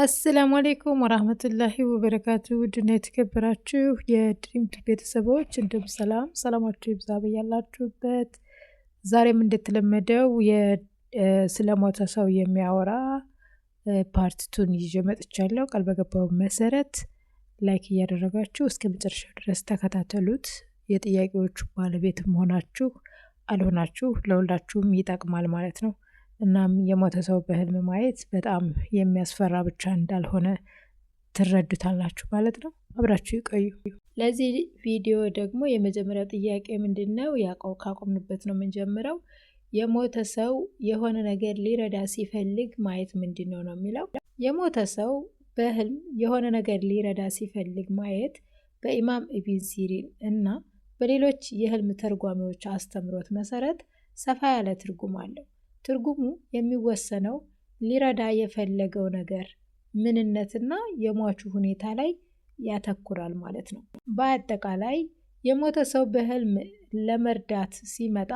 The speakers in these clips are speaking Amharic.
አሰላሙ አሌይኩም ወራህመቱላሂ ወበረካቱ ውድና የተከበራችሁ የድሪምቱ ቤተሰቦች እንደም ሰላም ሰላማችሁ ይብዛ በያላችሁበት። ዛሬም እንደተለመደው ስለ ሞተ ሰው የሚያወራ ፓርት ቱን ይዤ መጥቻለሁ። ቃል በገባው መሰረት ላይክ እያደረጋችሁ እስከ መጨረሻው ድረስ ተከታተሉት። የጥያቄዎቹ ባለቤት መሆናችሁ አልሆናችሁ ለሁላችሁም ይጠቅማል ማለት ነው። እናም የሞተ ሰው በህልም ማየት በጣም የሚያስፈራ ብቻ እንዳልሆነ ትረዱታላችሁ ማለት ነው። አብራችሁ ይቆዩ። ለዚህ ቪዲዮ ደግሞ የመጀመሪያ ጥያቄ ምንድን ነው? ያቆም ካቆምንበት ነው የምንጀምረው። የሞተ ሰው የሆነ ነገር ሊረዳ ሲፈልግ ማየት ምንድን ነው ነው የሚለው የሞተ ሰው በህልም የሆነ ነገር ሊረዳ ሲፈልግ ማየት በኢማም ኢብን ሲሪን እና በሌሎች የህልም ተርጓሚዎች አስተምሮት መሰረት ሰፋ ያለ ትርጉም አለው። ትርጉሙ የሚወሰነው ሊረዳ የፈለገው ነገር ምንነትና የሟቹ ሁኔታ ላይ ያተኩራል ማለት ነው። በአጠቃላይ የሞተ ሰው በህልም ለመርዳት ሲመጣ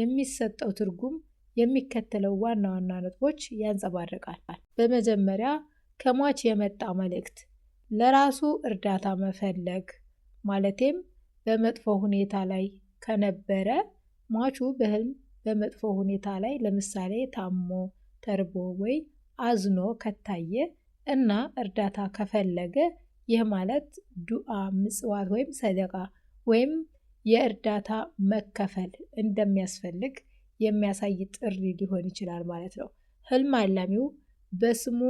የሚሰጠው ትርጉም የሚከተለው ዋና ዋና ነጥቦች ያንጸባርቃል። በመጀመሪያ ከሟች የመጣ መልእክት ለራሱ እርዳታ መፈለግ ማለቴም በመጥፎ ሁኔታ ላይ ከነበረ ሟቹ በህልም በመጥፎ ሁኔታ ላይ ለምሳሌ ታሞ ተርቦ ወይ አዝኖ ከታየ እና እርዳታ ከፈለገ ይህ ማለት ዱዓ፣ ምጽዋት ወይም ሰደቃ ወይም የእርዳታ መከፈል እንደሚያስፈልግ የሚያሳይ ጥሪ ሊሆን ይችላል ማለት ነው። ህልም አላሚው በስሙ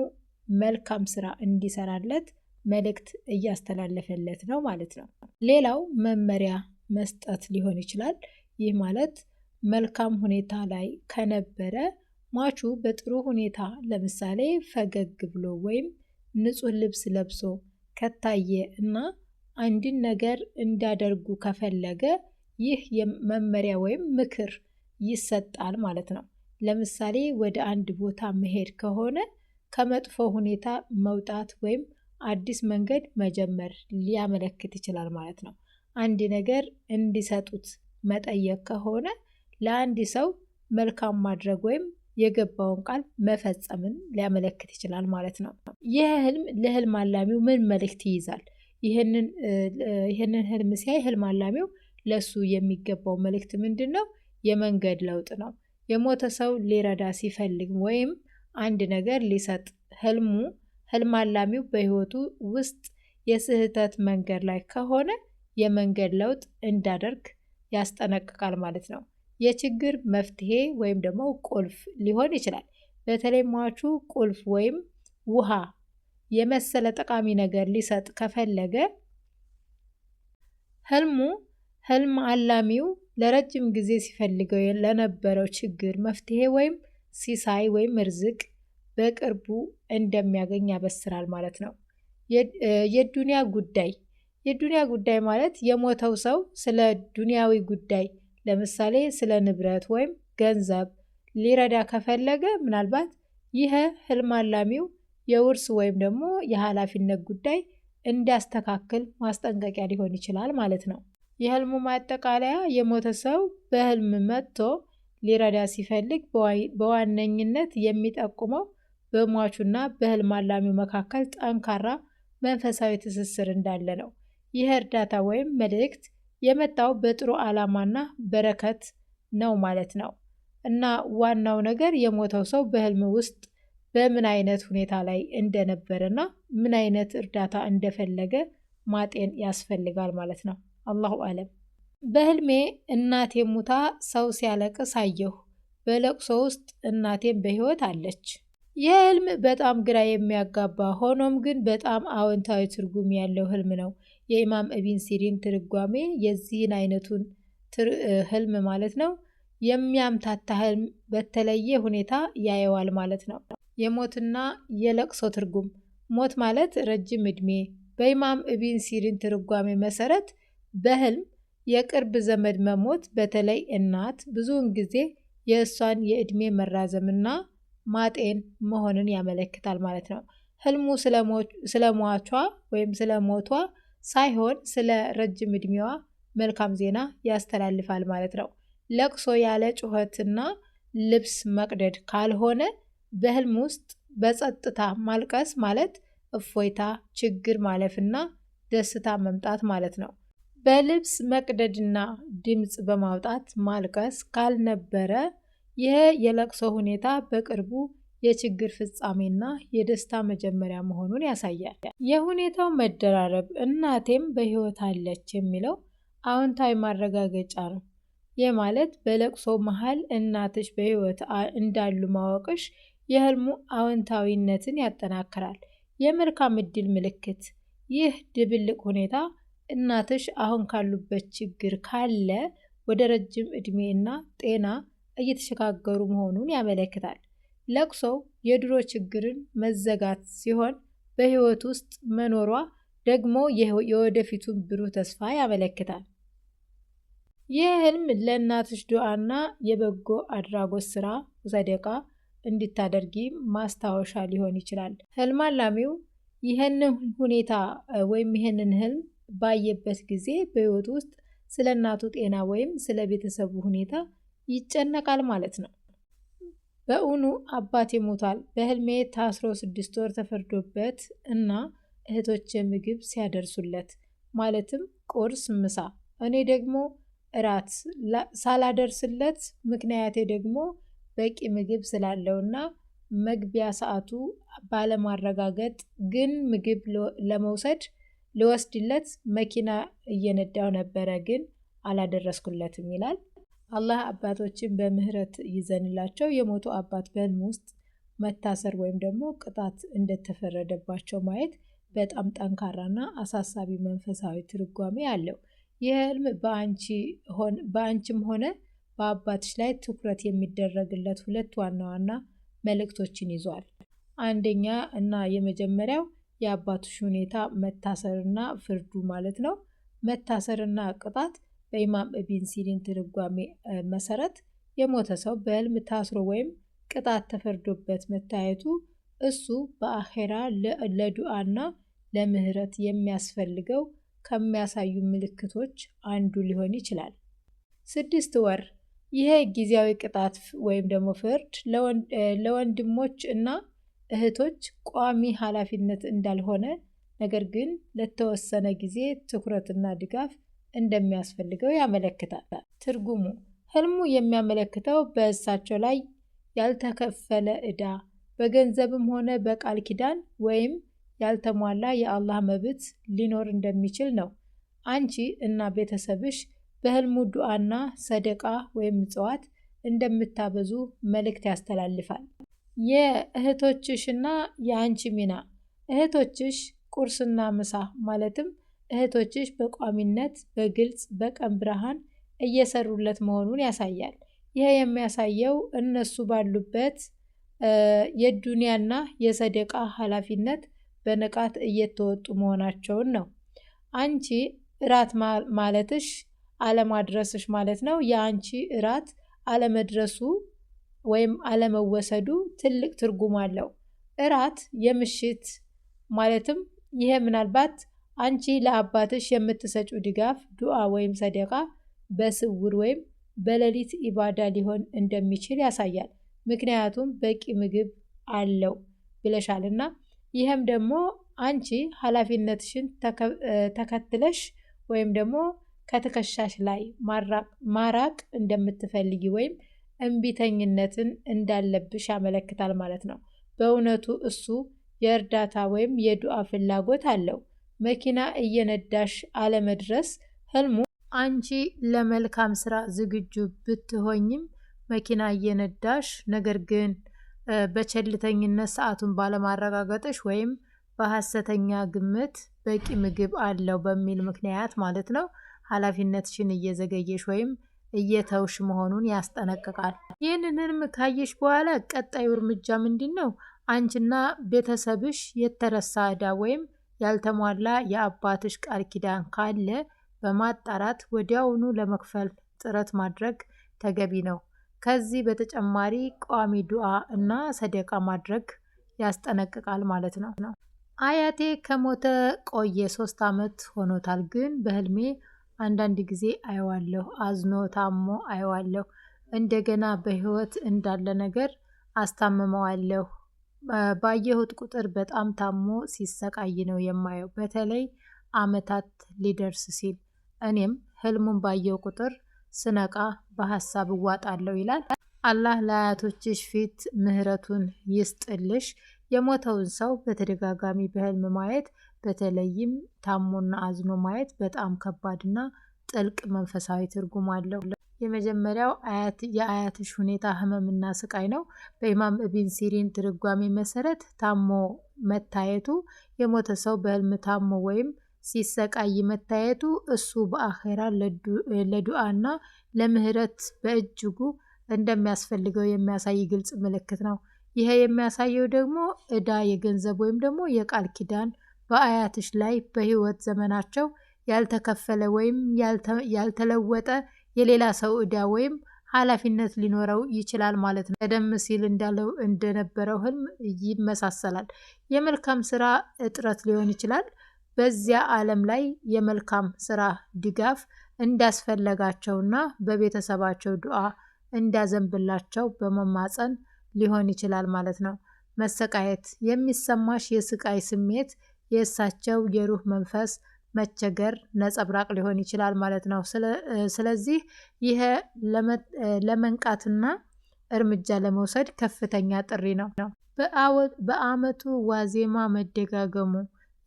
መልካም ስራ እንዲሰራለት መልእክት እያስተላለፈለት ነው ማለት ነው። ሌላው መመሪያ መስጠት ሊሆን ይችላል። ይህ ማለት መልካም ሁኔታ ላይ ከነበረ ሟቹ በጥሩ ሁኔታ ለምሳሌ ፈገግ ብሎ ወይም ንጹህ ልብስ ለብሶ ከታየ እና አንድን ነገር እንዲያደርጉ ከፈለገ ይህ መመሪያ ወይም ምክር ይሰጣል ማለት ነው። ለምሳሌ ወደ አንድ ቦታ መሄድ ከሆነ ከመጥፎ ሁኔታ መውጣት ወይም አዲስ መንገድ መጀመር ሊያመለክት ይችላል ማለት ነው። አንድ ነገር እንዲሰጡት መጠየቅ ከሆነ ለአንድ ሰው መልካም ማድረግ ወይም የገባውን ቃል መፈጸምን ሊያመለክት ይችላል ማለት ነው። ይህ ህልም ለህልም አላሚው ምን መልእክት ይይዛል? ይህንን ህልም ሲያይ ህልም አላሚው ለሱ የሚገባው መልእክት ምንድን ነው? የመንገድ ለውጥ ነው። የሞተ ሰው ሊረዳ ሲፈልግ ወይም አንድ ነገር ሊሰጥ ህልሙ ህልም አላሚው በህይወቱ ውስጥ የስህተት መንገድ ላይ ከሆነ የመንገድ ለውጥ እንዳደርግ ያስጠነቅቃል ማለት ነው። የችግር መፍትሄ ወይም ደግሞ ቁልፍ ሊሆን ይችላል። በተለይ ሟቹ ቁልፍ ወይም ውሃ የመሰለ ጠቃሚ ነገር ሊሰጥ ከፈለገ ህልሙ ህልም አላሚው ለረጅም ጊዜ ሲፈልገው ለነበረው ችግር መፍትሄ ወይም ሲሳይ ወይም እርዝቅ በቅርቡ እንደሚያገኝ ያበስራል ማለት ነው። የዱንያ ጉዳይ የዱንያ ጉዳይ ማለት የሞተው ሰው ስለ ዱንያዊ ጉዳይ ለምሳሌ ስለ ንብረት ወይም ገንዘብ ሊረዳ ከፈለገ ምናልባት ይህ ህልም አላሚው የውርስ ወይም ደግሞ የኃላፊነት ጉዳይ እንዲያስተካክል ማስጠንቀቂያ ሊሆን ይችላል ማለት ነው። የህልሙ ማጠቃለያ የሞተ ሰው በህልም መጥቶ ሊረዳ ሲፈልግ በዋነኝነት የሚጠቁመው በሟቹና በህልም አላሚው መካከል ጠንካራ መንፈሳዊ ትስስር እንዳለ ነው። ይህ እርዳታ ወይም መልእክት የመጣው በጥሩ ዓላማና በረከት ነው ማለት ነው። እና ዋናው ነገር የሞተው ሰው በህልም ውስጥ በምን አይነት ሁኔታ ላይ እንደነበረና ምን አይነት እርዳታ እንደፈለገ ማጤን ያስፈልጋል ማለት ነው። አላሁ አለም። በህልሜ እናቴ ሙታ ሰው ሲያለቅስ አየሁ። በለቅሶ ውስጥ እናቴም በህይወት አለች። ይህ ህልም በጣም ግራ የሚያጋባ ሆኖም ግን በጣም አዎንታዊ ትርጉም ያለው ህልም ነው። የኢማም እቢን ሲሪን ትርጓሜ የዚህን አይነቱን ህልም ማለት ነው የሚያምታታ ህልም በተለየ ሁኔታ ያየዋል ማለት ነው። የሞትና የለቅሶ ትርጉም ሞት ማለት ረጅም እድሜ። በኢማም እቢን ሲሪን ትርጓሜ መሰረት በህልም የቅርብ ዘመድ መሞት፣ በተለይ እናት፣ ብዙውን ጊዜ የእሷን የእድሜ መራዘምና ማጤን መሆንን ያመለክታል ማለት ነው። ህልሙ ስለሟቿ ወይም ስለሞቷ ሳይሆን ስለ ረጅም ዕድሜዋ መልካም ዜና ያስተላልፋል ማለት ነው። ለቅሶ ያለ ጩኸትና ልብስ መቅደድ ካልሆነ በህልም ውስጥ በጸጥታ ማልቀስ ማለት እፎይታ፣ ችግር ማለፍና ደስታ መምጣት ማለት ነው። በልብስ መቅደድና ድምፅ በማውጣት ማልቀስ ካልነበረ ይህ የለቅሶ ሁኔታ በቅርቡ የችግር ፍጻሜና የደስታ መጀመሪያ መሆኑን ያሳያል። የሁኔታው መደራረብ እናቴም በሕይወት አለች የሚለው አዎንታዊ ማረጋገጫ ነው። ይህ ማለት በለቅሶ መሃል እናትሽ በሕይወት እንዳሉ ማወቅሽ የህልሙ አዎንታዊነትን ያጠናክራል። የመልካም እድል ምልክት። ይህ ድብልቅ ሁኔታ እናትሽ አሁን ካሉበት ችግር ካለ ወደ ረጅም ዕድሜ እና ጤና እየተሸጋገሩ መሆኑን ያመለክታል። ለቅሶው የድሮ ችግርን መዘጋት ሲሆን በህይወት ውስጥ መኖሯ ደግሞ የወደፊቱን ብሩህ ተስፋ ያመለክታል። ይህ ህልም ለእናቶች ዱዓና የበጎ አድራጎት ስራ ሰደቃ እንድታደርጊ ማስታወሻ ሊሆን ይችላል። ህልም አላሚው ይህንን ሁኔታ ወይም ይህንን ህልም ባየበት ጊዜ በህይወት ውስጥ ስለ እናቱ ጤና ወይም ስለ ቤተሰቡ ሁኔታ ይጨነቃል ማለት ነው። በእውኑ አባቴ ሞቷል። በህልሜ ታስሮ ስድስት ወር ተፈርዶበት እና እህቶቼ ምግብ ሲያደርሱለት ማለትም ቁርስ፣ ምሳ እኔ ደግሞ እራት ሳላደርስለት ምክንያቴ ደግሞ በቂ ምግብ ስላለውና መግቢያ ሰዓቱ ባለማረጋገጥ ግን ምግብ ለመውሰድ ልወስድለት መኪና እየነዳው ነበረ ግን አላደረስኩለትም ይላል። አላህ አባቶችን በምህረት ይዘንላቸው የሞቱ አባት በህልም ውስጥ መታሰር ወይም ደግሞ ቅጣት እንደተፈረደባቸው ማየት በጣም ጠንካራና አሳሳቢ መንፈሳዊ ትርጓሜ አለው። ይህ ህልም በአንቺም ሆነ በአባትሽ ላይ ትኩረት የሚደረግለት ሁለት ዋና ዋና መልእክቶችን ይዟል። አንደኛ እና የመጀመሪያው የአባትሽ ሁኔታ መታሰርና ፍርዱ ማለት ነው። መታሰርና ቅጣት በኢማም ኢብን ሲሪን ትርጓሜ መሰረት የሞተ ሰው በሕልም ታስሮ ወይም ቅጣት ተፈርዶበት መታየቱ እሱ በአኼራ ለዱዓና ለምህረት የሚያስፈልገው ከሚያሳዩ ምልክቶች አንዱ ሊሆን ይችላል። ስድስት ወር ይሄ ጊዜያዊ ቅጣት ወይም ደግሞ ፍርድ ለወንድሞች እና እህቶች ቋሚ ኃላፊነት እንዳልሆነ ነገር ግን ለተወሰነ ጊዜ ትኩረትና ድጋፍ እንደሚያስፈልገው ያመለክታል። ትርጉሙ ህልሙ የሚያመለክተው በእሳቸው ላይ ያልተከፈለ ዕዳ በገንዘብም ሆነ በቃል ኪዳን ወይም ያልተሟላ የአላህ መብት ሊኖር እንደሚችል ነው። አንቺ እና ቤተሰብሽ በህልሙ ዱዓና ሰደቃ ወይም ምጽዋት እንደምታበዙ መልእክት ያስተላልፋል። የእህቶችሽና የአንቺ ሚና እህቶችሽ ቁርስና ምሳ ማለትም እህቶችሽ በቋሚነት በግልጽ በቀን ብርሃን እየሰሩለት መሆኑን ያሳያል። ይህ የሚያሳየው እነሱ ባሉበት የዱንያና የሰደቃ ኃላፊነት በንቃት እየተወጡ መሆናቸውን ነው። አንቺ እራት ማለትሽ አለማድረስሽ ማለት ነው። የአንቺ እራት አለመድረሱ ወይም አለመወሰዱ ትልቅ ትርጉም አለው። እራት የምሽት ማለትም ይሄ ምናልባት አንቺ ለአባትሽ የምትሰጩ ድጋፍ፣ ዱዓ ወይም ሰደቃ በስውር ወይም በሌሊት ኢባዳ ሊሆን እንደሚችል ያሳያል። ምክንያቱም በቂ ምግብ አለው ብለሻልና ይህም ደግሞ አንቺ ኃላፊነትሽን ተከትለሽ ወይም ደግሞ ከትከሻሽ ላይ ማራቅ እንደምትፈልጊ ወይም እምቢተኝነትን እንዳለብሽ ያመለክታል ማለት ነው። በእውነቱ እሱ የእርዳታ ወይም የዱዓ ፍላጎት አለው። መኪና እየነዳሽ አለመድረስ ህልሙ አንቺ ለመልካም ስራ ዝግጁ ብትሆኝም መኪና እየነዳሽ ነገር ግን በቸልተኝነት ሰዓቱን ባለማረጋገጥሽ ወይም በሀሰተኛ ግምት በቂ ምግብ አለው በሚል ምክንያት ማለት ነው ኃላፊነትሽን እየዘገየሽ ወይም እየተውሽ መሆኑን ያስጠነቅቃል። ይህንንም ካየሽ በኋላ ቀጣዩ እርምጃ ምንድን ነው? አንቺና ቤተሰብሽ የተረሳ ዕዳ ወይም ያልተሟላ የአባትሽ ቃል ኪዳን ካለ በማጣራት ወዲያውኑ ለመክፈል ጥረት ማድረግ ተገቢ ነው። ከዚህ በተጨማሪ ቋሚ ዱዓ እና ሰደቃ ማድረግ ያስጠነቅቃል ማለት ነው። አያቴ ከሞተ ቆየ፣ ሶስት ዓመት ሆኖታል። ግን በህልሜ አንዳንድ ጊዜ አየዋለሁ። አዝኖ ታሞ አየዋለሁ። እንደገና በህይወት እንዳለ ነገር አስታምመዋለሁ። ባየሁት ቁጥር በጣም ታሞ ሲሰቃይ ነው የማየው። በተለይ አመታት ሊደርስ ሲል እኔም ህልሙን ባየው ቁጥር ስነቃ በሀሳብ እዋጣለሁ ይላል። አላህ ለአያቶችሽ ፊት ምህረቱን ይስጥልሽ። የሞተውን ሰው በተደጋጋሚ በህልም ማየት በተለይም ታሞና አዝኖ ማየት በጣም ከባድና ጥልቅ መንፈሳዊ ትርጉም አለው። የመጀመሪያው የአያትሽ ሁኔታ ህመምና ስቃይ ነው። በኢማም እቢን ሲሪን ትርጓሜ መሰረት ታሞ መታየቱ የሞተ ሰው በህልም ታሞ ወይም ሲሰቃይ መታየቱ እሱ በአኼራ ና ለምህረት በእጅጉ እንደሚያስፈልገው የሚያሳይ ግልጽ ምልክት ነው። ይሄ የሚያሳየው ደግሞ እዳ፣ የገንዘብ ወይም ደግሞ የቃል ኪዳን በአያትሽ ላይ በህይወት ዘመናቸው ያልተከፈለ ወይም ያልተለወጠ የሌላ ሰው ዕዳ ወይም ኃላፊነት ሊኖረው ይችላል ማለት ነው። ቀደም ሲል እንዳለው እንደነበረው ህልም ይመሳሰላል። የመልካም ስራ እጥረት ሊሆን ይችላል። በዚያ ዓለም ላይ የመልካም ስራ ድጋፍ እንዳስፈለጋቸውና በቤተሰባቸው ዱዓ እንዳዘንብላቸው በመማፀን ሊሆን ይችላል ማለት ነው። መሰቃየት የሚሰማሽ የስቃይ ስሜት የእሳቸው የሩህ መንፈስ መቸገር ነጸብራቅ ሊሆን ይችላል ማለት ነው። ስለዚህ ይህ ለመንቃትና እርምጃ ለመውሰድ ከፍተኛ ጥሪ ነው። በአመቱ ዋዜማ መደጋገሙ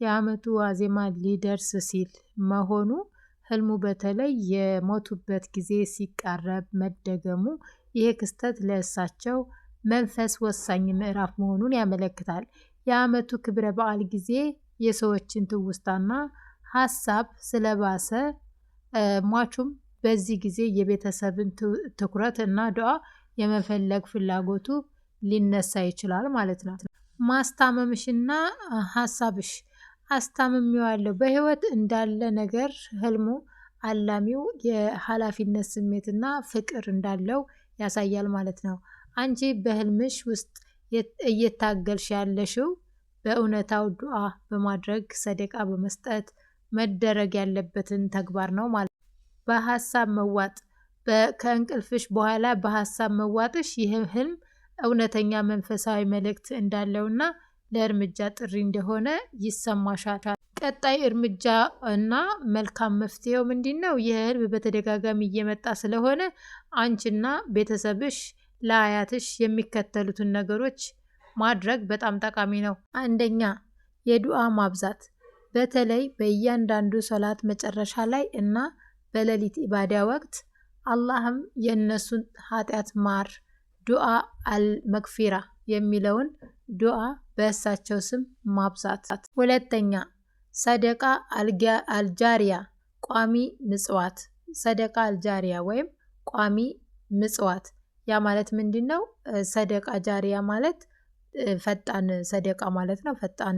የአመቱ ዋዜማ ሊደርስ ሲል መሆኑ ህልሙ በተለይ የሞቱበት ጊዜ ሲቃረብ መደገሙ ይሄ ክስተት ለእሳቸው መንፈስ ወሳኝ ምዕራፍ መሆኑን ያመለክታል። የአመቱ ክብረ በዓል ጊዜ የሰዎችን ትውስታና ሀሳብ ስለባሰ ሟቹም በዚህ ጊዜ የቤተሰብን ትኩረት እና ዱዓ የመፈለግ ፍላጎቱ ሊነሳ ይችላል ማለት ነው። ማስታመምሽና ሀሳብሽ አስታምሜዋለሁ በህይወት እንዳለ ነገር ህልሙ አላሚው የኃላፊነት ስሜትና ፍቅር እንዳለው ያሳያል ማለት ነው። አንቺ በህልምሽ ውስጥ እየታገልሽ ያለሽው በእውነታው ዱዓ በማድረግ ሰደቃ በመስጠት መደረግ ያለበትን ተግባር ነው ማለት ነው። በሀሳብ መዋጥ ከእንቅልፍሽ በኋላ በሀሳብ መዋጥሽ ይህም ህልም እውነተኛ መንፈሳዊ መልእክት እንዳለውና ለእርምጃ ጥሪ እንደሆነ ይሰማሻታል። ቀጣይ እርምጃ እና መልካም መፍትሄው ምንድን ነው? ይህ ህልም በተደጋጋሚ እየመጣ ስለሆነ አንቺና ቤተሰብሽ ለአያትሽ የሚከተሉትን ነገሮች ማድረግ በጣም ጠቃሚ ነው። አንደኛ የዱዓ ማብዛት በተለይ በእያንዳንዱ ሶላት መጨረሻ ላይ እና በሌሊት ኢባዳ ወቅት አላህም የእነሱን ኃጢአት ማር ዱአ አልመክፊራ የሚለውን ዱአ በእሳቸው ስም ማብዛት። ሁለተኛ ሰደቃ አልጃሪያ ቋሚ ምጽዋት። ሰደቃ አልጃሪያ ወይም ቋሚ ምጽዋት ያ ማለት ምንድን ነው? ሰደቃ ጃሪያ ማለት ፈጣን ሰደቃ ማለት ነው። ፈጣን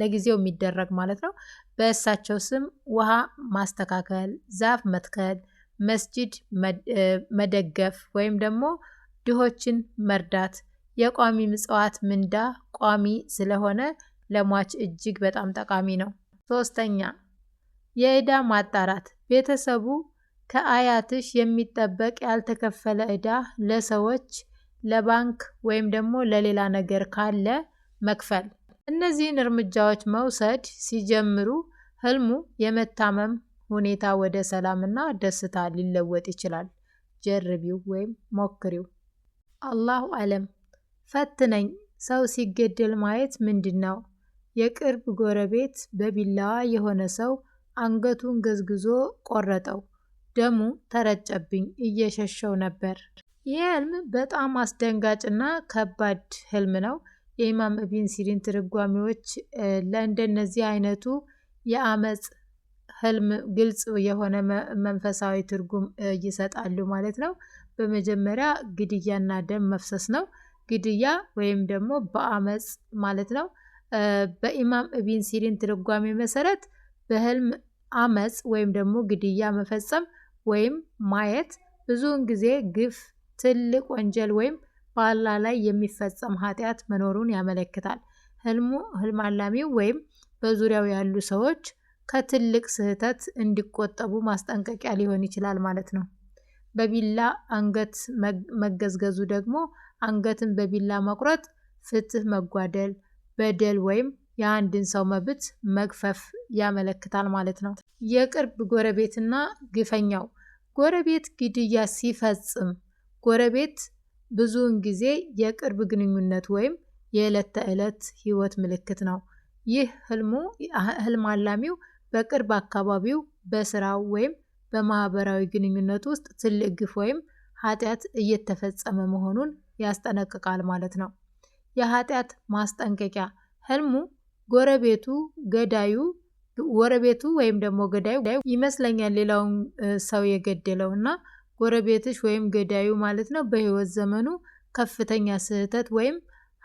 ለጊዜው የሚደረግ ማለት ነው። በእሳቸው ስም ውሃ ማስተካከል፣ ዛፍ መትከል፣ መስጂድ መደገፍ ወይም ደግሞ ድሆችን መርዳት የቋሚ ምጽዋት ምንዳ ቋሚ ስለሆነ ለሟች እጅግ በጣም ጠቃሚ ነው። ሶስተኛ የእዳ ማጣራት ቤተሰቡ ከአያትሽ የሚጠበቅ ያልተከፈለ እዳ ለሰዎች ለባንክ ወይም ደግሞ ለሌላ ነገር ካለ መክፈል። እነዚህን እርምጃዎች መውሰድ ሲጀምሩ ህልሙ የመታመም ሁኔታ ወደ ሰላምና ደስታ ሊለወጥ ይችላል። ጀርቢው ወይም ሞክሪው። አላሁ አለም። ፈትነኝ። ሰው ሲገደል ማየት ምንድን ነው? የቅርብ ጎረቤት በቢላዋ የሆነ ሰው አንገቱን ገዝግዞ ቆረጠው። ደሙ ተረጨብኝ። እየሸሸው ነበር። ይህ ህልም በጣም አስደንጋጭ እና ከባድ ህልም ነው። የኢማም ኢብን ሲሪን ትርጓሜዎች ለእንደነዚህ አይነቱ የአመፅ ህልም ግልጽ የሆነ መንፈሳዊ ትርጉም ይሰጣሉ ማለት ነው። በመጀመሪያ ግድያና ደም መፍሰስ ነው። ግድያ ወይም ደግሞ በአመፅ ማለት ነው። በኢማም ኢብን ሲሪን ትርጓሜ መሰረት በህልም አመፅ ወይም ደግሞ ግድያ መፈጸም ወይም ማየት ብዙውን ጊዜ ግፍ ትልቅ ወንጀል ወይም በአላህ ላይ የሚፈጸም ኃጢአት መኖሩን ያመለክታል። ህልሙ ህልም አላሚው ወይም በዙሪያው ያሉ ሰዎች ከትልቅ ስህተት እንዲቆጠቡ ማስጠንቀቂያ ሊሆን ይችላል ማለት ነው። በቢላ አንገት መገዝገዙ ደግሞ አንገትን በቢላ መቁረጥ ፍትህ መጓደል፣ በደል ወይም የአንድን ሰው መብት መግፈፍ ያመለክታል ማለት ነው። የቅርብ ጎረቤትና ግፈኛው ጎረቤት ግድያ ሲፈጽም ጎረቤት ብዙውን ጊዜ የቅርብ ግንኙነት ወይም የዕለት ተዕለት ህይወት ምልክት ነው። ይህ ህልም አላሚው በቅርብ አካባቢው በስራው ወይም በማህበራዊ ግንኙነት ውስጥ ትልቅ ግፍ ወይም ኃጢአት እየተፈጸመ መሆኑን ያስጠነቅቃል ማለት ነው። የኃጢአት ማስጠንቀቂያ ህልሙ ጎረቤቱ ገዳዩ ጎረቤቱ ወይም ደግሞ ገዳዩ ይመስለኛል ሌላውን ሰው የገደለው እና ጎረቤትሽ ወይም ገዳዩ ማለት ነው በህይወት ዘመኑ ከፍተኛ ስህተት ወይም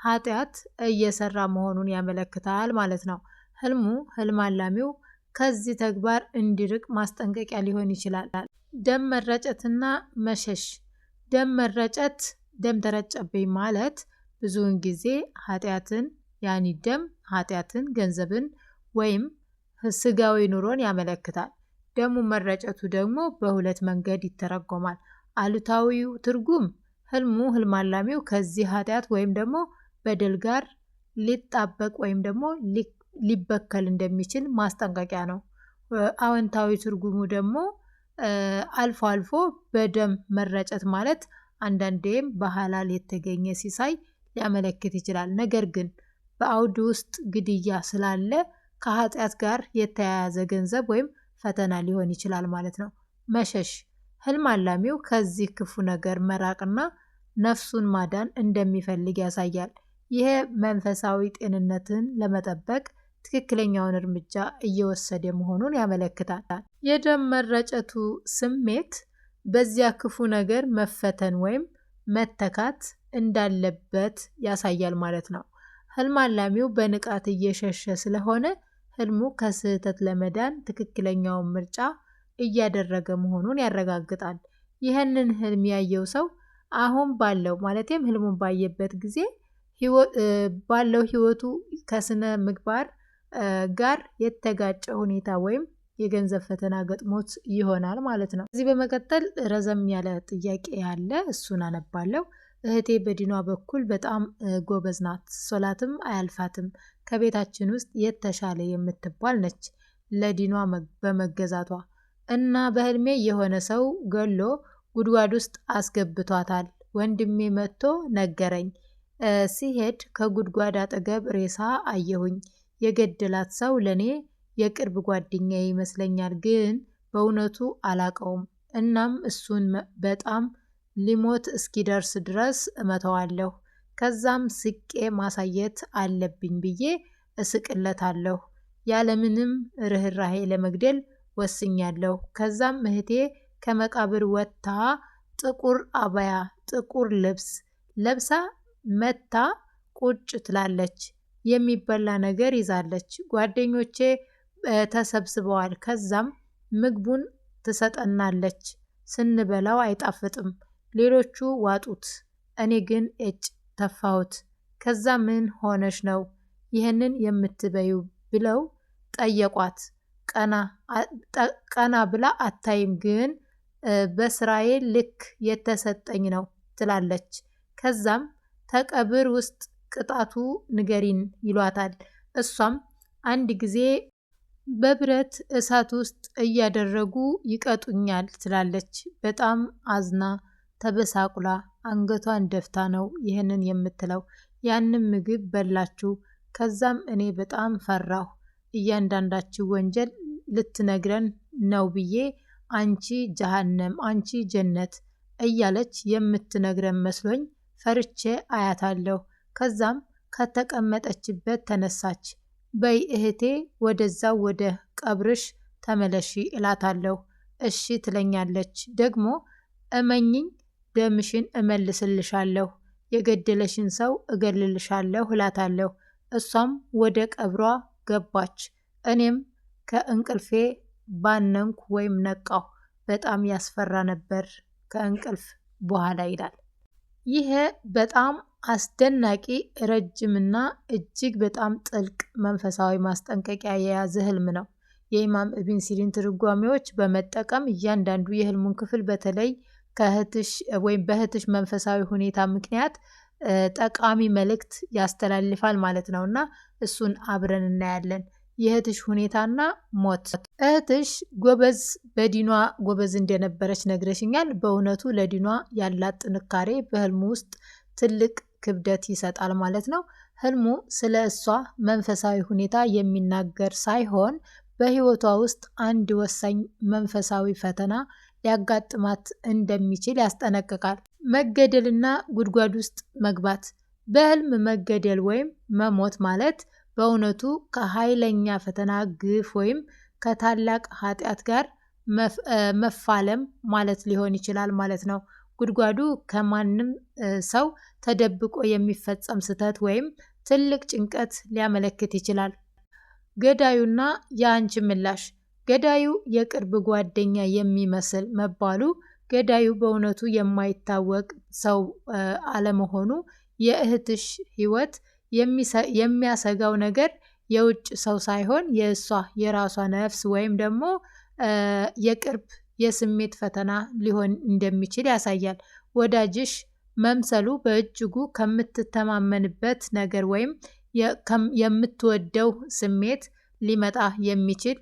ኃጢአት እየሰራ መሆኑን ያመለክታል ማለት ነው። ህልሙ ህልም አላሚው ከዚህ ተግባር እንዲርቅ ማስጠንቀቂያ ሊሆን ይችላል። ደም መረጨትና መሸሽ። ደም መረጨት ደም ተረጨብኝ ማለት ብዙውን ጊዜ ኃጢአትን ያኒ ደም ኃጢአትን፣ ገንዘብን ወይም ስጋዊ ኑሮን ያመለክታል። ደግሞ መረጨቱ ደግሞ በሁለት መንገድ ይተረጎማል። አሉታዊው ትርጉም ህልሙ ህልም አላሚው ከዚህ ኃጢአት ወይም ደግሞ በደል ጋር ሊጣበቅ ወይም ደግሞ ሊበከል እንደሚችል ማስጠንቀቂያ ነው። አዎንታዊ ትርጉሙ ደግሞ አልፎ አልፎ በደም መረጨት ማለት አንዳንዴም በሐላል የተገኘ ሲሳይ ሊያመለክት ይችላል። ነገር ግን በአውድ ውስጥ ግድያ ስላለ ከኃጢአት ጋር የተያያዘ ገንዘብ ወይም ፈተና ሊሆን ይችላል ማለት ነው። መሸሽ ህልም አላሚው ከዚህ ክፉ ነገር መራቅና ነፍሱን ማዳን እንደሚፈልግ ያሳያል። ይሄ መንፈሳዊ ጤንነትን ለመጠበቅ ትክክለኛውን እርምጃ እየወሰደ መሆኑን ያመለክታል። የደም መረጨቱ ስሜት በዚያ ክፉ ነገር መፈተን ወይም መተካት እንዳለበት ያሳያል ማለት ነው። ህልም አላሚው በንቃት እየሸሸ ስለሆነ ህልሙ ከስህተት ለመዳን ትክክለኛውን ምርጫ እያደረገ መሆኑን ያረጋግጣል። ይህንን ህልም ያየው ሰው አሁን ባለው ማለትም ህልሙን ባየበት ጊዜ ባለው ህይወቱ ከስነ ምግባር ጋር የተጋጨ ሁኔታ ወይም የገንዘብ ፈተና ገጥሞት ይሆናል ማለት ነው። እዚህ በመቀጠል ረዘም ያለ ጥያቄ ያለ እሱን አነባለሁ። እህቴ በዲኗ በኩል በጣም ጎበዝ ናት። ሶላትም አያልፋትም። ከቤታችን ውስጥ የተሻለ የምትባል ነች ለዲኗ በመገዛቷ እና በህልሜ የሆነ ሰው ገሎ ጉድጓድ ውስጥ አስገብቷታል። ወንድሜ መጥቶ ነገረኝ። ሲሄድ ከጉድጓድ አጠገብ ሬሳ አየሁኝ። የገደላት ሰው ለእኔ የቅርብ ጓደኛ ይመስለኛል፣ ግን በእውነቱ አላቀውም። እናም እሱን በጣም ሊሞት እስኪደርስ ድረስ እመተዋለሁ። ከዛም ስቄ ማሳየት አለብኝ ብዬ እስቅለታለሁ። ያለምንም ርኅራሄ ለመግደል ወስኛለሁ። ከዛም እህቴ ከመቃብር ወጥታ ጥቁር አባያ፣ ጥቁር ልብስ ለብሳ መታ ቁጭ ትላለች። የሚበላ ነገር ይዛለች። ጓደኞቼ ተሰብስበዋል። ከዛም ምግቡን ትሰጠናለች። ስንበላው አይጣፍጥም። ሌሎቹ ዋጡት፣ እኔ ግን እጭ ተፋሁት። ከዛ ምን ሆነሽ ነው ይህንን የምትበዩ ብለው ጠየቋት። ቀና ብላ አታይም፣ ግን በስራዬ ልክ የተሰጠኝ ነው ትላለች። ከዛም ተቀብር ውስጥ ቅጣቱ ንገሪን ይሏታል። እሷም አንድ ጊዜ በብረት እሳት ውስጥ እያደረጉ ይቀጡኛል ትላለች። በጣም አዝና ተበሳቁላ አንገቷን ደፍታ ነው ይህንን የምትለው። ያንም ምግብ በላችሁ። ከዛም እኔ በጣም ፈራሁ። እያንዳንዳችሁ ወንጀል ልትነግረን ነው ብዬ አንቺ ጀሃነም፣ አንቺ ጀነት እያለች የምትነግረን መስሎኝ ፈርቼ አያታለሁ። ከዛም ከተቀመጠችበት ተነሳች። በይ እህቴ ወደዛው ወደ ቀብርሽ ተመለሺ እላታለሁ። እሺ ትለኛለች። ደግሞ እመኝኝ ደምሽን እመልስልሻለሁ፣ የገደለሽን ሰው እገልልሻለሁ እላታለሁ። እሷም ወደ ቀብሯ ገባች። እኔም ከእንቅልፌ ባነንኩ ወይም ነቃሁ። በጣም ያስፈራ ነበር ከእንቅልፍ በኋላ ይላል። ይሄ በጣም አስደናቂ ረጅምና እጅግ በጣም ጥልቅ መንፈሳዊ ማስጠንቀቂያ የያዘ ህልም ነው። የኢማም ኢብን ሲሪን ትርጓሜዎች በመጠቀም እያንዳንዱ የህልሙን ክፍል በተለይ ከእህትሽ ወይም በእህትሽ መንፈሳዊ ሁኔታ ምክንያት ጠቃሚ መልእክት ያስተላልፋል ማለት ነው እና እሱን አብረን እናያለን። የእህትሽ ሁኔታና ሞት። እህትሽ ጎበዝ በዲኗ ጎበዝ እንደነበረች ነግረሽኛል። በእውነቱ ለዲኗ ያላት ጥንካሬ በህልሙ ውስጥ ትልቅ ክብደት ይሰጣል ማለት ነው። ህልሙ ስለ እሷ መንፈሳዊ ሁኔታ የሚናገር ሳይሆን በህይወቷ ውስጥ አንድ ወሳኝ መንፈሳዊ ፈተና ሊያጋጥማት እንደሚችል ያስጠነቅቃል። መገደልና ጉድጓድ ውስጥ መግባት በህልም መገደል ወይም መሞት ማለት በእውነቱ ከኃይለኛ ፈተና፣ ግፍ ወይም ከታላቅ ኃጢአት ጋር መፋለም ማለት ሊሆን ይችላል ማለት ነው። ጉድጓዱ ከማንም ሰው ተደብቆ የሚፈጸም ስህተት ወይም ትልቅ ጭንቀት ሊያመለክት ይችላል። ገዳዩና የአንቺ ምላሽ ገዳዩ የቅርብ ጓደኛ የሚመስል መባሉ ገዳዩ በእውነቱ የማይታወቅ ሰው አለመሆኑ የእህትሽ ሕይወት የሚያሰጋው ነገር የውጭ ሰው ሳይሆን የእሷ የራሷ ነፍስ ወይም ደግሞ የቅርብ የስሜት ፈተና ሊሆን እንደሚችል ያሳያል። ወዳጅሽ መምሰሉ በእጅጉ ከምትተማመንበት ነገር ወይም የምትወደው ስሜት ሊመጣ የሚችል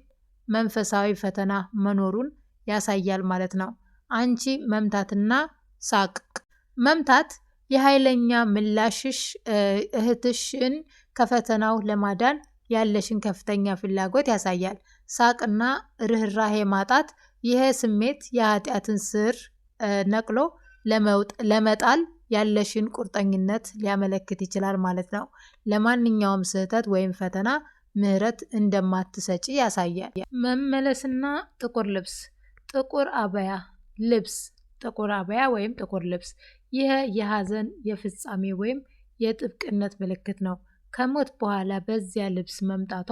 መንፈሳዊ ፈተና መኖሩን ያሳያል ማለት ነው። አንቺ መምታትና ሳቅ መምታት የኃይለኛ ምላሽሽ እህትሽን ከፈተናው ለማዳን ያለሽን ከፍተኛ ፍላጎት ያሳያል። ሳቅና ርኅራሄ ማጣት ይህ ስሜት የኃጢአትን ስር ነቅሎ ለመጣል ያለሽን ቁርጠኝነት ሊያመለክት ይችላል ማለት ነው። ለማንኛውም ስህተት ወይም ፈተና ምህረት እንደማትሰጪ ያሳያል። መመለስና ጥቁር ልብስ ጥቁር አበያ ልብስ ጥቁር አበያ ወይም ጥቁር ልብስ ይህ የሐዘን የፍጻሜ ወይም የጥብቅነት ምልክት ነው። ከሞት በኋላ በዚያ ልብስ መምጣቷ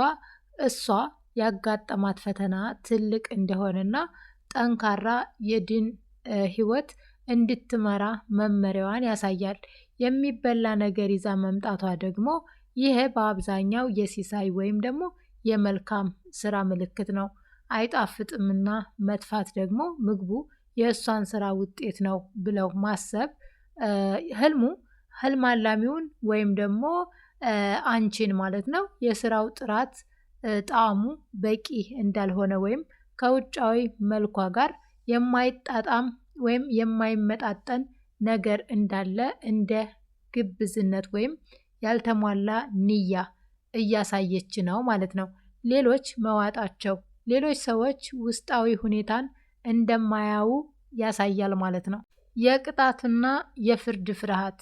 እሷ ያጋጠማት ፈተና ትልቅ እንደሆነና ጠንካራ የድን ህይወት እንድትመራ መመሪያዋን ያሳያል። የሚበላ ነገር ይዛ መምጣቷ ደግሞ ይህ በአብዛኛው የሲሳይ ወይም ደግሞ የመልካም ስራ ምልክት ነው። አይጣፍጥምና መጥፋት ደግሞ ምግቡ የእሷን ስራ ውጤት ነው ብለው ማሰብ ህልሙ ህልም አላሚውን ወይም ደግሞ አንቺን ማለት ነው የስራው ጥራት ጣዕሙ በቂ እንዳልሆነ ወይም ከውጫዊ መልኳ ጋር የማይጣጣም ወይም የማይመጣጠን ነገር እንዳለ እንደ ግብዝነት ወይም ያልተሟላ ንያ እያሳየች ነው ማለት ነው። ሌሎች መዋጣቸው ሌሎች ሰዎች ውስጣዊ ሁኔታን እንደማያዩ ያሳያል ማለት ነው። የቅጣትና የፍርድ ፍርሃት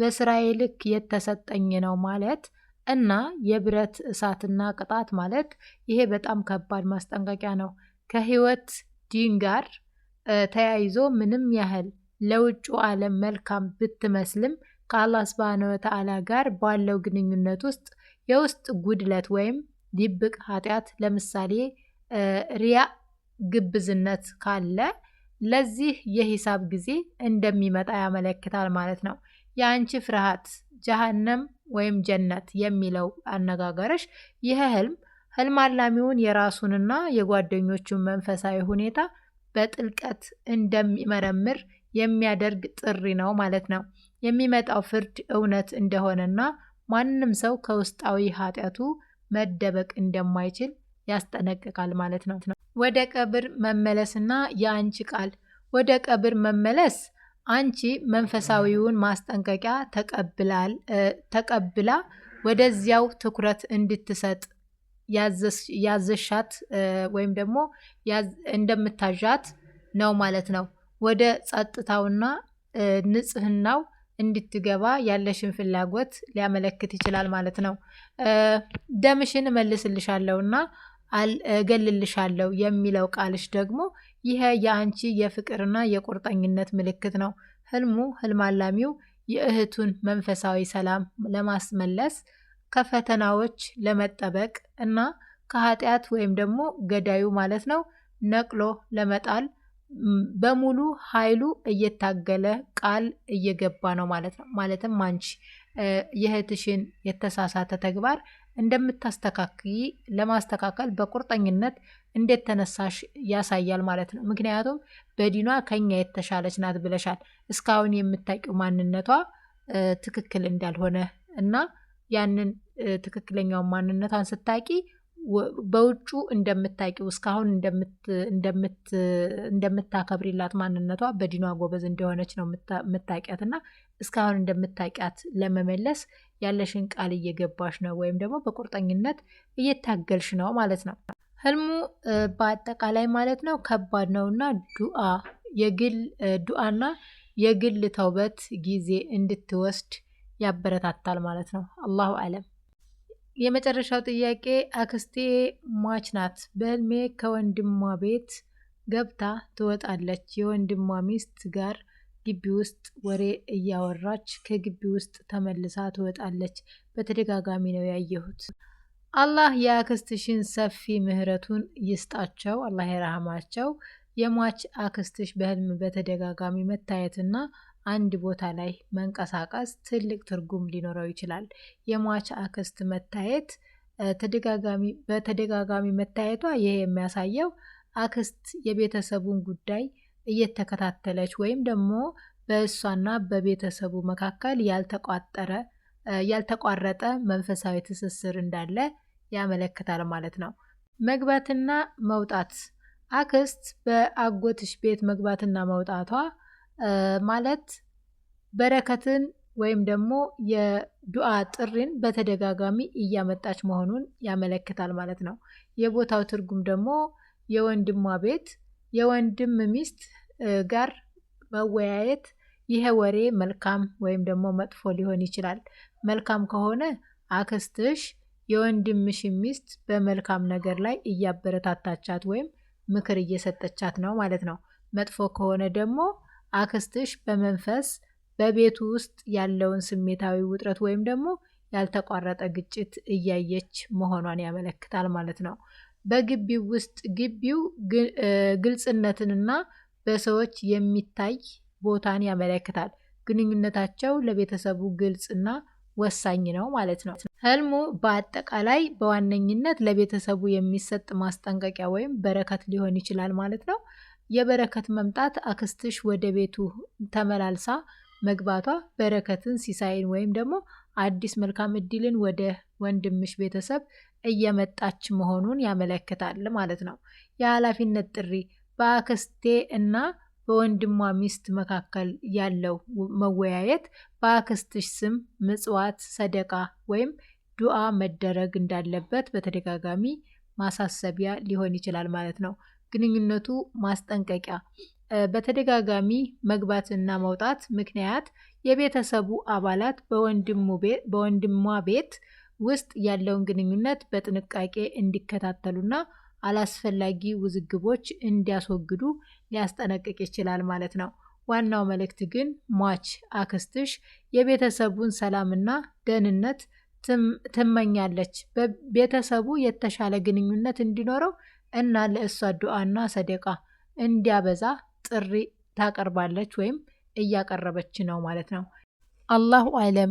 በስራዬ ልክ የተሰጠኝ ነው ማለት እና የብረት እሳትና ቅጣት ማለት ይሄ በጣም ከባድ ማስጠንቀቂያ ነው። ከህይወት ዲን ጋር ተያይዞ ምንም ያህል ለውጭ ዓለም መልካም ብትመስልም ከአላህ ስብሃነ ወተዓላ ጋር ባለው ግንኙነት ውስጥ የውስጥ ጉድለት ወይም ድብቅ ኃጢአት ለምሳሌ ሪያ፣ ግብዝነት ካለ ለዚህ የሂሳብ ጊዜ እንደሚመጣ ያመለክታል ማለት ነው። የአንቺ ፍርሃት ጀሃነም ወይም ጀነት የሚለው አነጋገርሽ ይህ ህልም ህልም አላሚውን የራሱንና የጓደኞቹን መንፈሳዊ ሁኔታ በጥልቀት እንደሚመረምር የሚያደርግ ጥሪ ነው ማለት ነው። የሚመጣው ፍርድ እውነት እንደሆነና ማንም ሰው ከውስጣዊ ኃጢአቱ መደበቅ እንደማይችል ያስጠነቅቃል ማለት ነው። ወደ ቀብር መመለስና የአንቺ ቃል ወደ ቀብር መመለስ አንቺ መንፈሳዊውን ማስጠንቀቂያ ተቀብላ ወደዚያው ትኩረት እንድትሰጥ ያዘሻት ወይም ደግሞ እንደምታዣት ነው ማለት ነው። ወደ ጸጥታውና ንጽህናው እንድትገባ ያለሽን ፍላጎት ሊያመለክት ይችላል ማለት ነው። ደምሽን እመልስልሻለሁ እና እገልልሻለሁ የሚለው ቃልሽ ደግሞ ይሄ የአንቺ የፍቅርና የቁርጠኝነት ምልክት ነው። ህልሙ ህልም አላሚው የእህቱን መንፈሳዊ ሰላም ለማስመለስ ከፈተናዎች ለመጠበቅ እና ከኃጢአት ወይም ደግሞ ገዳዩ ማለት ነው ነቅሎ ለመጣል በሙሉ ኃይሉ እየታገለ ቃል እየገባ ነው ማለት ነው። ማለትም አንቺ የእህትሽን የተሳሳተ ተግባር እንደምታስተካክይ ለማስተካከል በቁርጠኝነት እንዴት ተነሳሽ ያሳያል ማለት ነው። ምክንያቱም በዲኗ ከኛ የተሻለች ናት ብለሻል። እስካሁን የምታውቂው ማንነቷ ትክክል እንዳልሆነ እና ያንን ትክክለኛውን ማንነቷን ስታቂ በውጩ እንደምታቂው እስካሁን እንደምታከብሪላት ማንነቷ በዲኗ ጎበዝ እንደሆነች ነው የምታቂያት እና እስካሁን እንደምታቂያት ለመመለስ ያለሽን ቃል እየገባሽ ነው ወይም ደግሞ በቁርጠኝነት እየታገልሽ ነው ማለት ነው። ህልሙ በአጠቃላይ ማለት ነው ከባድ ነው እና ዱአ የግል ዱአና የግል ተውበት ጊዜ እንድትወስድ ያበረታታል ማለት ነው። አላሁ አለም። የመጨረሻው ጥያቄ አክስቴ ሟች ናት። በህልሜ ከወንድሟ ቤት ገብታ ትወጣለች። የወንድሟ ሚስት ጋር ግቢ ውስጥ ወሬ እያወራች ከግቢ ውስጥ ተመልሳ ትወጣለች። በተደጋጋሚ ነው ያየሁት። አላህ የአክስትሽን ሰፊ ምህረቱን ይስጣቸው። አላህ የረሃማቸው የሟች አክስትሽ በህልም በተደጋጋሚ መታየትና አንድ ቦታ ላይ መንቀሳቀስ ትልቅ ትርጉም ሊኖረው ይችላል። የሟች አክስት መታየት በተደጋጋሚ መታየቷ ይሄ የሚያሳየው አክስት የቤተሰቡን ጉዳይ እየተከታተለች ወይም ደግሞ በእሷና በቤተሰቡ መካከል ያልተቋረጠ መንፈሳዊ ትስስር እንዳለ ያመለክታል ማለት ነው። መግባትና መውጣት አክስት በአጎትሽ ቤት መግባትና መውጣቷ ማለት በረከትን ወይም ደግሞ የዱዓ ጥሪን በተደጋጋሚ እያመጣች መሆኑን ያመለክታል ማለት ነው። የቦታው ትርጉም ደግሞ የወንድሟ ቤት የወንድም ሚስት ጋር መወያየት ይሄ ወሬ መልካም ወይም ደግሞ መጥፎ ሊሆን ይችላል። መልካም ከሆነ አክስትሽ የወንድምሽ ሚስት በመልካም ነገር ላይ እያበረታታቻት ወይም ምክር እየሰጠቻት ነው ማለት ነው። መጥፎ ከሆነ ደግሞ አክስትሽ በመንፈስ በቤቱ ውስጥ ያለውን ስሜታዊ ውጥረት ወይም ደግሞ ያልተቋረጠ ግጭት እያየች መሆኗን ያመለክታል ማለት ነው። በግቢው ውስጥ ግቢው ግልጽነትንና በሰዎች የሚታይ ቦታን ያመለክታል። ግንኙነታቸው ለቤተሰቡ ግልጽና ወሳኝ ነው ማለት ነው። ህልሙ በአጠቃላይ በዋነኝነት ለቤተሰቡ የሚሰጥ ማስጠንቀቂያ ወይም በረከት ሊሆን ይችላል ማለት ነው። የበረከት መምጣት አክስትሽ ወደ ቤቱ ተመላልሳ መግባቷ በረከትን ሲሳይን ወይም ደግሞ አዲስ መልካም እድልን ወደ ወንድምሽ ቤተሰብ እየመጣች መሆኑን ያመለክታል ማለት ነው። የኃላፊነት ጥሪ በአክስቴ እና በወንድሟ ሚስት መካከል ያለው መወያየት በአክስትሽ ስም ምጽዋት፣ ሰደቃ ወይም ዱዓ መደረግ እንዳለበት በተደጋጋሚ ማሳሰቢያ ሊሆን ይችላል ማለት ነው። ግንኙነቱ ማስጠንቀቂያ በተደጋጋሚ መግባትና መውጣት ምክንያት የቤተሰቡ አባላት በወንድሟ ቤት ውስጥ ያለውን ግንኙነት በጥንቃቄ እንዲከታተሉና አላስፈላጊ ውዝግቦች እንዲያስወግዱ ሊያስጠነቅቅ ይችላል ማለት ነው። ዋናው መልእክት ግን ሟች አክስትሽ የቤተሰቡን ሰላምና ደህንነት ትመኛለች። ቤተሰቡ የተሻለ ግንኙነት እንዲኖረው እና ለእሷ ዱዓና ሰደቃ እንዲያበዛ ጥሪ ታቀርባለች ወይም እያቀረበች ነው ማለት ነው። አላሁ አለም።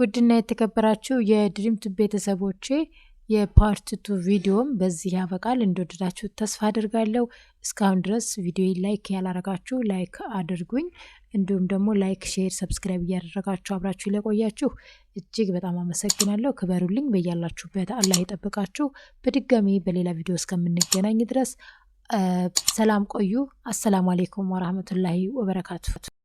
ውድና የተከበራችሁ የድሪምቱ ቤተሰቦቼ የፓርትቱ ቪዲዮም በዚህ ያበቃል። እንደወደዳችሁ ተስፋ አድርጋለሁ። እስካሁን ድረስ ቪዲዮ ላይክ ያላረጋችሁ ላይክ አድርጉኝ። እንዲሁም ደግሞ ላይክ፣ ሼር፣ ሰብስክራይብ እያደረጋችሁ አብራችሁ ለቆያችሁ እጅግ በጣም አመሰግናለሁ። ክበሩልኝ። በያላችሁበት አላህ ይጠብቃችሁ። በድጋሚ በሌላ ቪዲዮ እስከምንገናኝ ድረስ ሰላም ቆዩ። አሰላሙ አሌይኩም ወራህመቱላሂ ወበረካቱ።